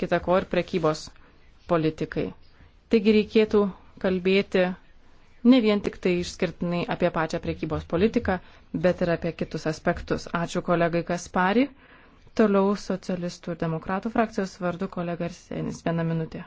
kitako ir prekybos politikai. Taigi reikėtų kalbėti ne vien tik tai išskirtinai apie pačią prekybos politiką, bet ir apie kitus aspektus. Ačiū kolegai Kaspari. Toliau socialistų ir demokratų frakcijos vardu kolega Arsenis. Vieną minutę.